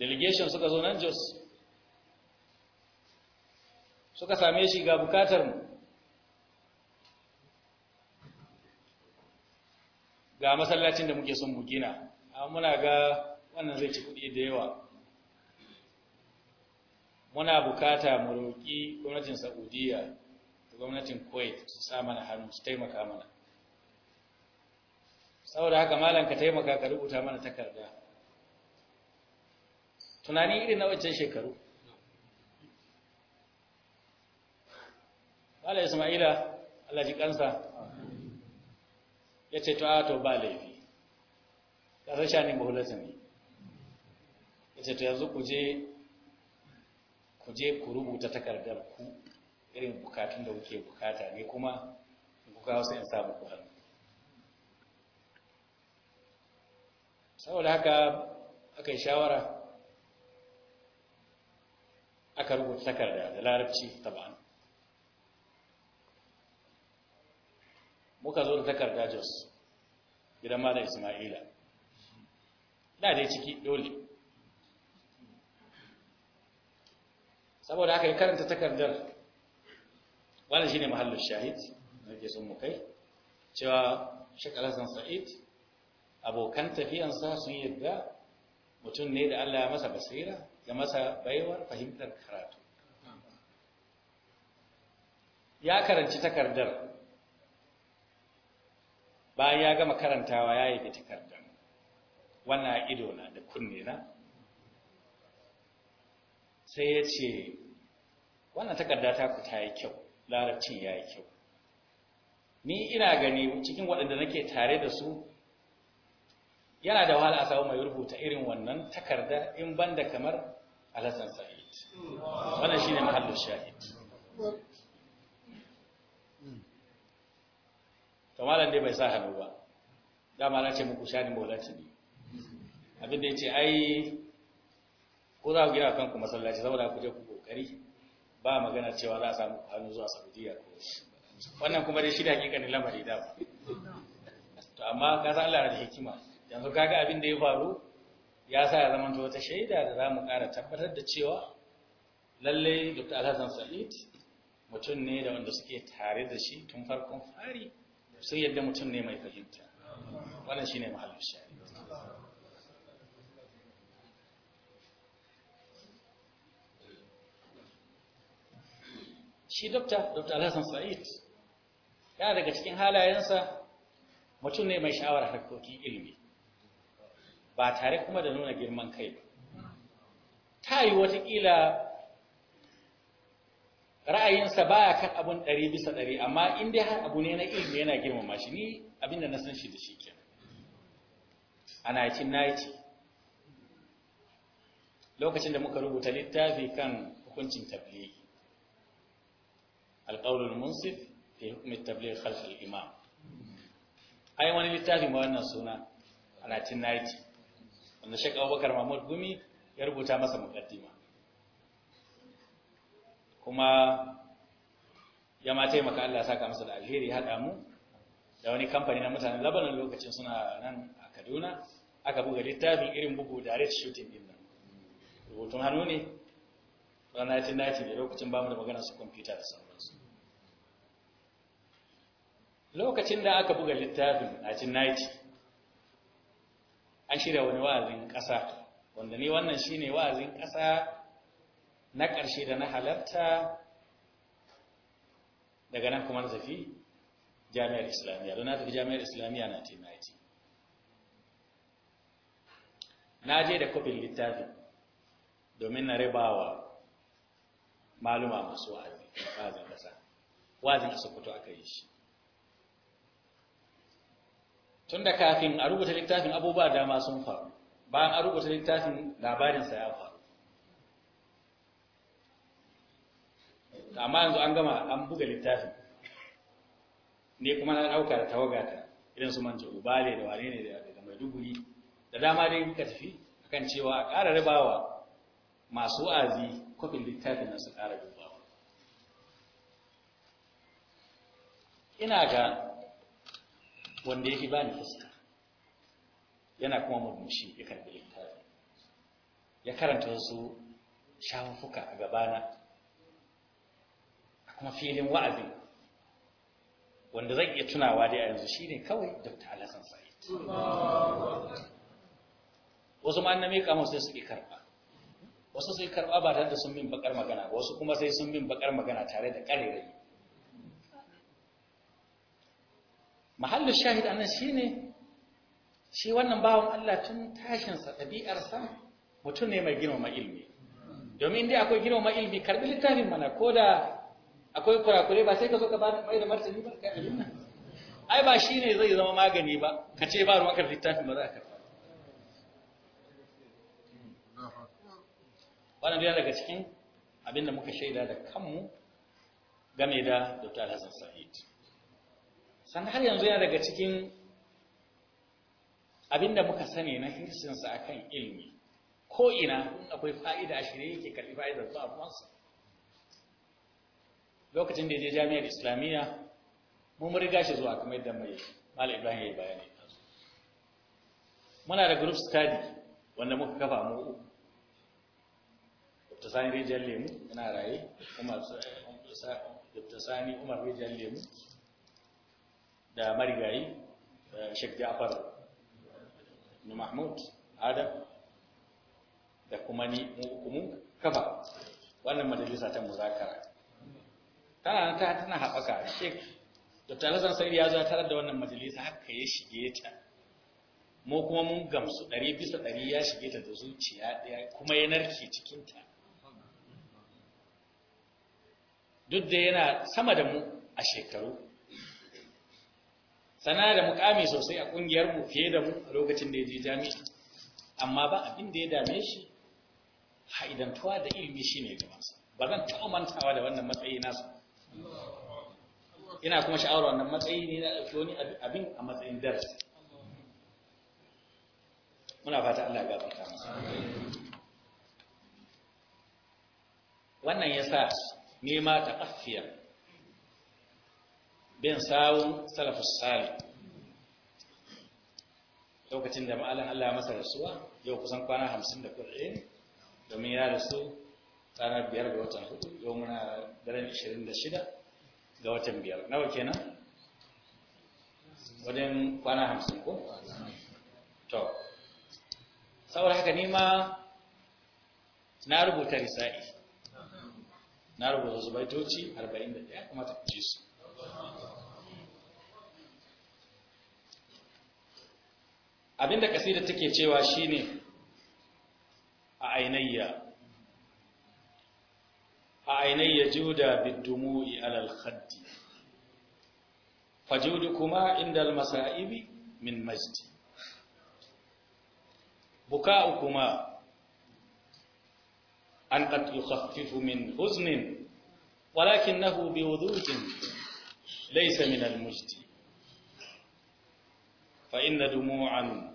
delegation suka zo nan Jos suka same shi ga bukatar mu ga masallacin da muke son mu gina amma muna ga wannan zai ci kuɗi da yawa muna bukata mu roƙi gwamnatin Saudiya da gwamnatin Kuwait su sa mana hannu su taimaka mana saboda haka malam ka taimaka ka rubuta mana takarda tunani irin na wancan shekaru bala Isma'ila Allah ji kansa yace to a to ba laifi kasar shani mahulasa ne Ya ce to yanzu ku je ku rubuta takardar ku irin bukatun da kuke bukata ne kuma ku kawo sai in sa ku hannu saboda haka aka yi shawara aka rubuta takarda da larabci taban muka zo da takarda jos gidan malam ismaila da dai ciki dole saboda aka yi karanta takardar wannan shine mahallin shahid da ke son mu kai cewa shekalarsan sa'id abokan tafiyansa sun yadda mutum ne da Allah ya masa basira Da masa baiwar fahimtar karatu ya karanci takardar bayan ya gama karantawa ya yi yabi takardar wannan ido na da kunne na sai ya ce wannan takarda ta ku ta yi kyau larabcin ya yi kyau ni ina gani cikin waɗanda nake tare da su yana da wahala a samu mai rubuta irin wannan takarda in banda kamar alhassan sa'id wannan shi ne mahallin shahid kamalan dai bai sa hannu ba dama na ce muku shani maulati ne da ya ce ai ko za ku gina kanku masallaci saboda ku je ku kokari ba magana cewa za a samu hannu zuwa saudiya ko wannan kuma dai shi da hakikanin lamari da ba. to amma ka san Allah da hikima yanzu kaga abin da ya faru ya sa ya zamanta wata shaida da za mu ƙara tabbatar da cewa lallai dr alhassan sa'id mutum ne da wanda suke tare da shi tun farkon fari sun yadda mutum ne mai fahimta wannan shi ne mahallin shari shi dokta dr alhassan sa'id yana daga cikin halayensa mutum ne mai sha'awar harkokin ilimi ba tare kuma da nuna girman kai ba ta yi watakila ra'ayinsa baya kan abun ɗari bisa ɗari amma in dai har abu ne na ilimi yana girmama shi ni abinda na san shi da shi ke ana cin na lokacin da muka rubuta littafi kan hukuncin tabliğ alƙawlul munsif fi hukumin tabligh khalf al-imam ai wani littafi ma wannan suna ana cin wanda Sheikh Abubakar Mahmud Gumi ya rubuta masa mukaddima kuma ya ma taimaka Allah ya saka masa da alheri haɗa mu da wani kamfani na mutanen labanan lokacin suna nan a Kaduna aka buga littafin irin bugu direct shooting din nan rubutun hannu ne ranar 1990 da lokacin ba mu da magana su kwamfuta da sauransu lokacin da aka buga littafin 1990 an shirya wani wa'azin ƙasa wanda ni wannan shi ne wa'azin ƙasa na ƙarshe da na halarta daga nan kuma na jami'ar islamiyya don na jami'ar islamiyya na temaiti na je da kofin littafi domin na wa maluma masu wa'azin ƙasa wa'azin ƙasa sokoto aka yi shi Tun da kafin a rubuta littafin abubuwa dama sun faru bayan a rubuta littafin labarinsa ya faru amma yanzu an gama an buga littafin ne kuma na ɗauka da tawagata idan su manta ubale da wane ne mai duguri da dama dai ka tafi akan cewa a ƙara ribawa masu wa'azi kofin littafin nan su ƙara dubawa ina ga wanda yake ni fuska yana kuma murmushi ya karbi littafi ya karanta wasu shafuka a gabana a kuma filin wa'azi wanda zan iya tunawa dai a yanzu ne kawai Dr. Alhassan Said wasu na anname kamar sai suke karɓa, wasu sai karɓa ba tare da sun bin bakar magana wasu kuma sai sun bin bakar magana tare da ƙarerai Mahallin shahid anan ne, shi wannan bawan Allah tun tashinsa ɗabi'arsa mutum ne mai girma ilmi domin dai akwai girmama ilmi karɓi littafin mana ko da akwai kurakure ba sai ka zo ka mai da martani ba kai abin nan ai ba shi ne zai zama magani ba ka ce ba ruwan karɓi littafin ba za ka karɓa wannan dai daga cikin abinda muka shaida da kanmu game da Dr. Hassan Sa'id San har yanzu yana daga cikin da muka sani na hirsinsa kan ilmi ko ina akwai fa'ida a shirye yake karɓi fa'idar zuwa ruwansa lokacin da ya je jami'ar islamiyya mun riga shi zuwa kamar yadda mai mal ibrahim ya yi bayani muna da group study wanda muka kafa mu sani rijiyar lemu yana raye dr sani umar rijiyar lemu da marigayi eh, Sheikh Ja'far na Mahmud Adam da kuma ni mu kafa wannan majalisa ta muzakara tana ta tana haɓaka shek da talazan sai ya zo tarar da wannan majalisa haka ya shige ta mu kuma mun gamsu ɗari bisa ɗari ya shige ta da zuciya ɗaya kuma ya narke cikinta duk da yana sama da mu a shekaru sana da mukami sosai a kungiyar mu fiye da mu a lokacin da ya je jami'a amma ba abin da ya dame shi tuwa da ilimi shine sa ba zan taɓa mantawa da wannan matsayi nasa ina kuma sha'awar wannan matsayi ne na ɗauki wani abin a matsayin darasi muna fata Allah ya gafarta fata wannan yasa nema ta afiya bin sawun salafus sali lokacin da ma'alan Allah masa rasuwa yau kusan kwana hamsin da kurɗe domin ya rasu ranar biyar ga watan hudu yau muna daren ishirin da shida ga watan biyar nawa kenan wajen kwana hamsin ko? to saboda haka nima na rubuta risa'i na rubuta zubaitoci arba'in da ɗaya kuma ta su abinda kasida take cewa shine a ainayya a ainayya juda bidumu'i alal khaddi fajudukuma indal masaibi min majdi buka'ukuma an qad yukhaffifu min huznin walakinahu biwudujin laysa min al mujdi fa inna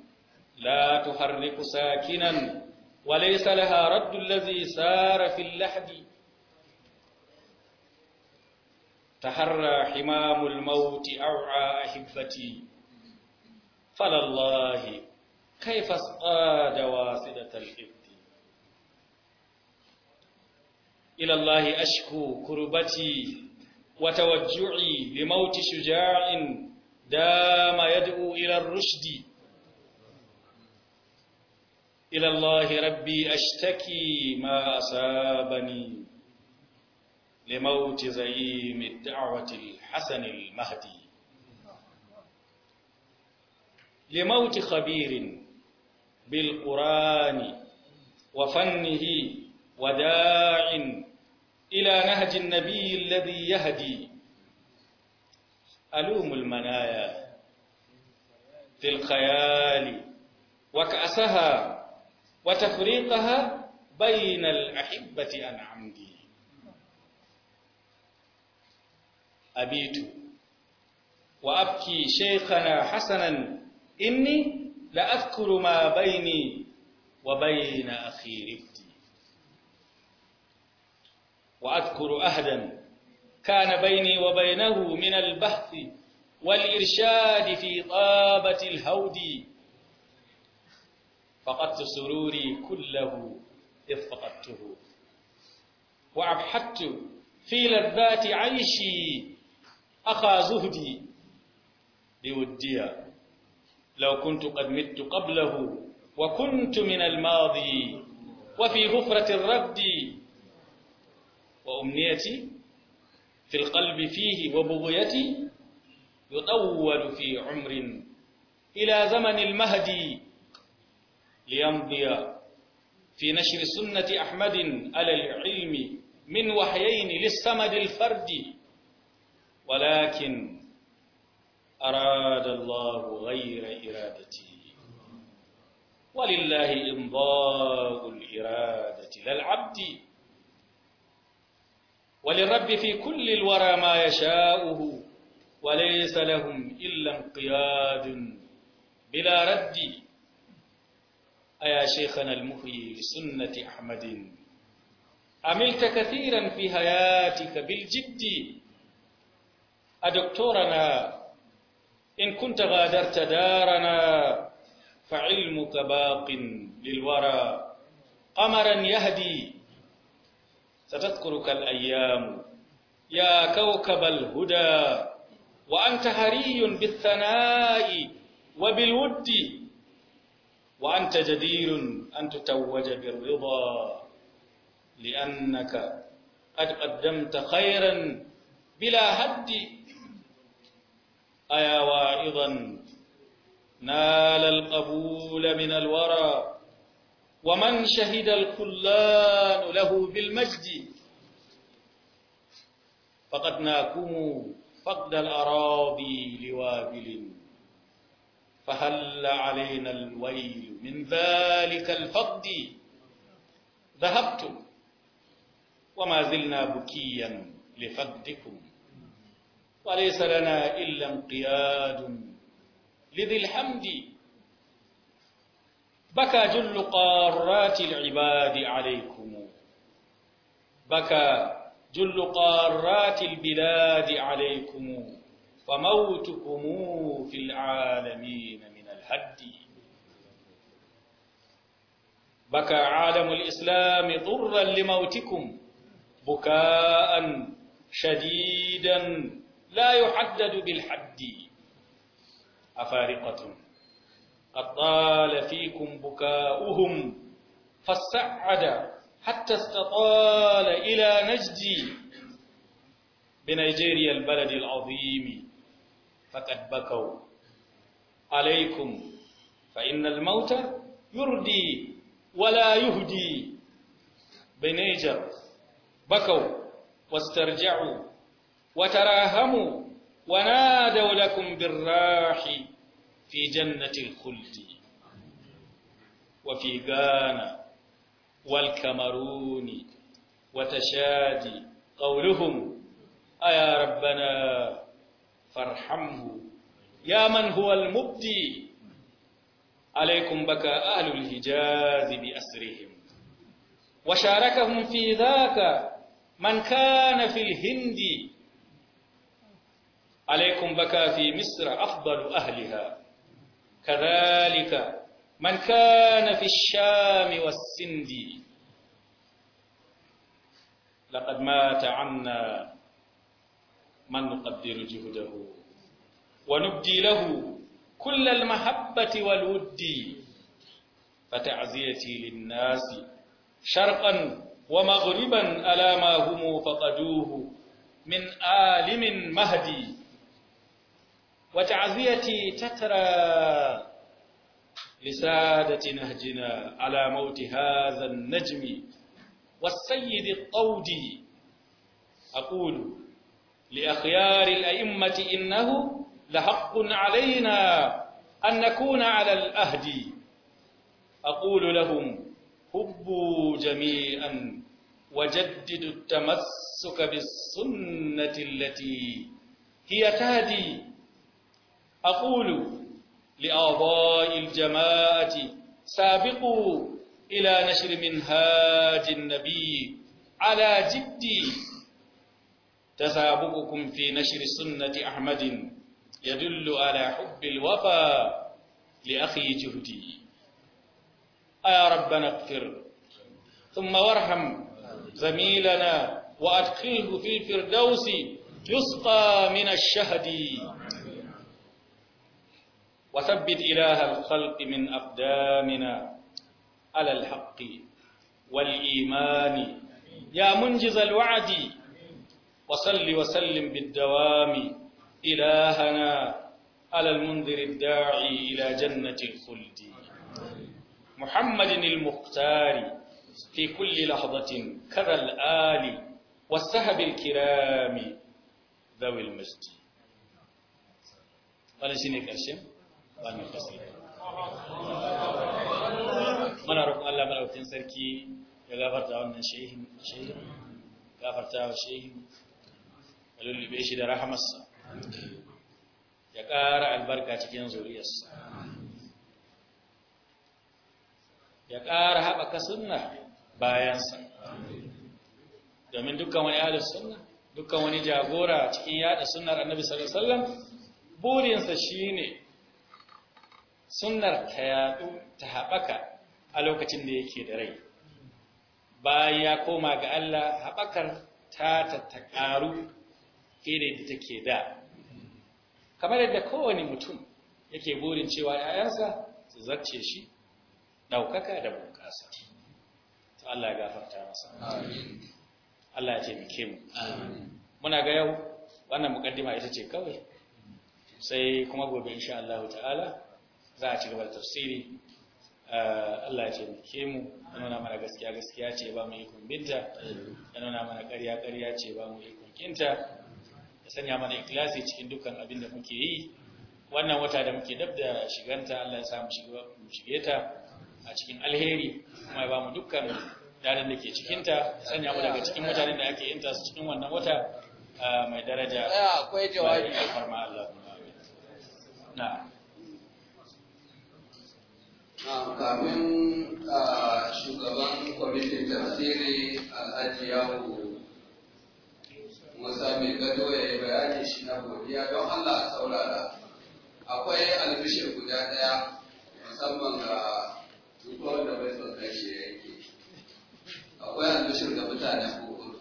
لا تحرك ساكنا وليس لها رد الذي سار في اللحد تحرى حمام الموت أوعى أحبتي فلله كيف اصطاد واسدة الحبد إلى الله أشكو كربتي وتوجعي لموت شجاع دام يدعو إلى الرشد إلى الله ربي أشتكي ما أصابني لموت زعيم الدعوة الحسن المهدي لموت خبير بالقرآن وفنه وداع إلى نهج النبي الذي يهدي ألوم المنايا في الخيال وكأسها وتفريقها بين الأحبة أن عمدي أبيت وأبكي شيخنا حسنا إني لأذكر ما بيني وبين أخي رفدي وأذكر أهدا كان بيني وبينه من البحث والإرشاد في طابة الهودي فقدت سروري كله إذ فقدته وأبحثت في لذات عيشي أخا زهدي بوديا لو كنت قد مت قبله وكنت من الماضي وفي غفرة الرد وأمنيتي في القلب فيه وبغيتي يطول في عمر إلى زمن المهدي ليمضي في نشر سنة أحمد على العلم من وحيين للسمد الفرد ولكن أراد الله غير إرادته ولله إمضاء الإرادة للعبد وللرب في كل الورى ما يشاؤه وليس لهم إلا انقياد بلا رد أيا شيخنا المحيي لسنة أحمد عملت كثيرا في حياتك بالجد أدكتورنا إن كنت غادرت دارنا فعلمك باق للورى قمرا يهدي ستذكرك الأيام يا كوكب الهدى وأنت هري بالثناء وبالود وأنت جدير أن تتوج بالرضا لأنك قد قدمت خيرا بلا هد أيا واعظا نال القبول من الورى ومن شهد الكلان له بالمجد فقد ناكم فقد الأراضي لوابل فهل علينا الويل من ذلك الفض ذهبتم وما زلنا بكيا لفقدكم وليس لنا إلا انقياد لذي الحمد بكى جل قارات العباد عليكم بكى جل قارات البلاد عليكم فموتكم في العالمين من الهد بكى عالم الإسلام ضرا لموتكم بكاء شديدا لا يحدد بالحد أفارقة قد طال فيكم بكاؤهم فاستعد حتى استطال إلى نجدي بنيجيريا البلد العظيم فقد بكوا عليكم فإن الموت يردي ولا يهدي بنيجر بكوا واسترجعوا وتراهموا ونادوا لكم بالراح في جنة الخلد وفي غانا والكمرون وتشادي قولهم أيا ربنا فارحمه يا من هو المبدي عليكم بكى أهل الحجاز بأسرهم وشاركهم في ذاك من كان في الهند عليكم بكى في مصر أفضل أهلها كذلك من كان في الشام والسند لقد مات عنا من نقدر جهده ونبدي له كل المحبة والود فتعزيتي للناس شرقا ومغربا ألا ما هم فقدوه من آلم مهدي وتعزيتي تترى لسادة نهجنا على موت هذا النجم والسيد الطودي أقول لأخيار الأئمة إنه لحق علينا أن نكون على الأهد أقول لهم حبوا جميعا وجددوا التمسك بالسنة التي هي تهدي أقول لأعضاء الجماعة سابقوا إلى نشر منهاج النبي على جدي تسابقكم في نشر سنة أحمد يدل على حب الوفا لأخي جهدي يا آه ربنا اغفر ثم وارحم زميلنا وأدخله في الفردوس يسقى من الشهد وثبت إله الخلق من أقدامنا على الحق والإيمان يا منجز الوعد وصل وسلم بالدوام إلهنا على المنذر الداعي إلى جنة الخلد محمد المختار في كل لحظة كذا الآل والسهب الكرام ذوي المجد قال شيني كرشم قال من قصر من أعرف الله ملوكين سركي يغفرت عن شيء شيهم غفرت عن شيء ka lullube shi da rahamarsa ya ƙara albarka cikin zuriyarsa ya ƙara haɓaka suna bayansa domin dukkan wani yada suna dukkan wani jagora cikin yada sunnar annabi sallallahu alaihi wasallam shi shine sunnar ta yaɗu ta haɓaka a lokacin da yake da rai bayan ya koma ga Allah haɓakar ta ta ƙaru ne da take da kamar yadda kowane mutum yake burin cewa ‘ya'yansa su zarce shi ɗaukaka da bunƙasa ta Allah ya gafarta masa Allah ya taimake mu muna ga yau wannan mukaddima ita ce kawai sai kuma gobe insha Allah ta'ala za a ci gaba da tafsiri eh, Allah ya taimake mu ya nuna mana gaskiya gaskiya ce ba mu ikon kumbinta ya nuna mana ƙarya ƙarya ce ba mu ikon kinta ya sanya mana ikilasi cikin dukkan abin da muke yi wannan wata da muke dab da shiganta Allah ya sa mu shige ta a cikin alheri kuma ya ba mu dukkan daren da ke cikinta sanya mu daga cikin mutanen da ake yin su cikin wannan wata mai daraja akwai jawabi farma Allah na kamin shugaban kwamitin tafsiri al ajiyahu musa mai gado ya godiya don Allah a saurara akwai albishir guda ɗaya musamman ga duk wanda bai son kai ya yake akwai albishir ga mutanen bukur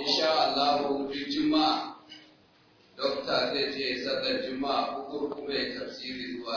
insha Allah duk juma'a dokta zai je sallar juma'a bukur kuma ya tafsiri zuwa